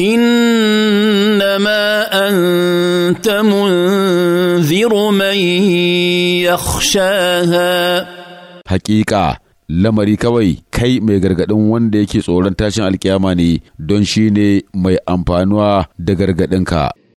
انما انت منذر من يخشاها حقيقه lamari kawai kai mai gargaɗin wanda yake tsoron tashin alkiyama ne don shi ne mai amfanuwa da gargaɗinka.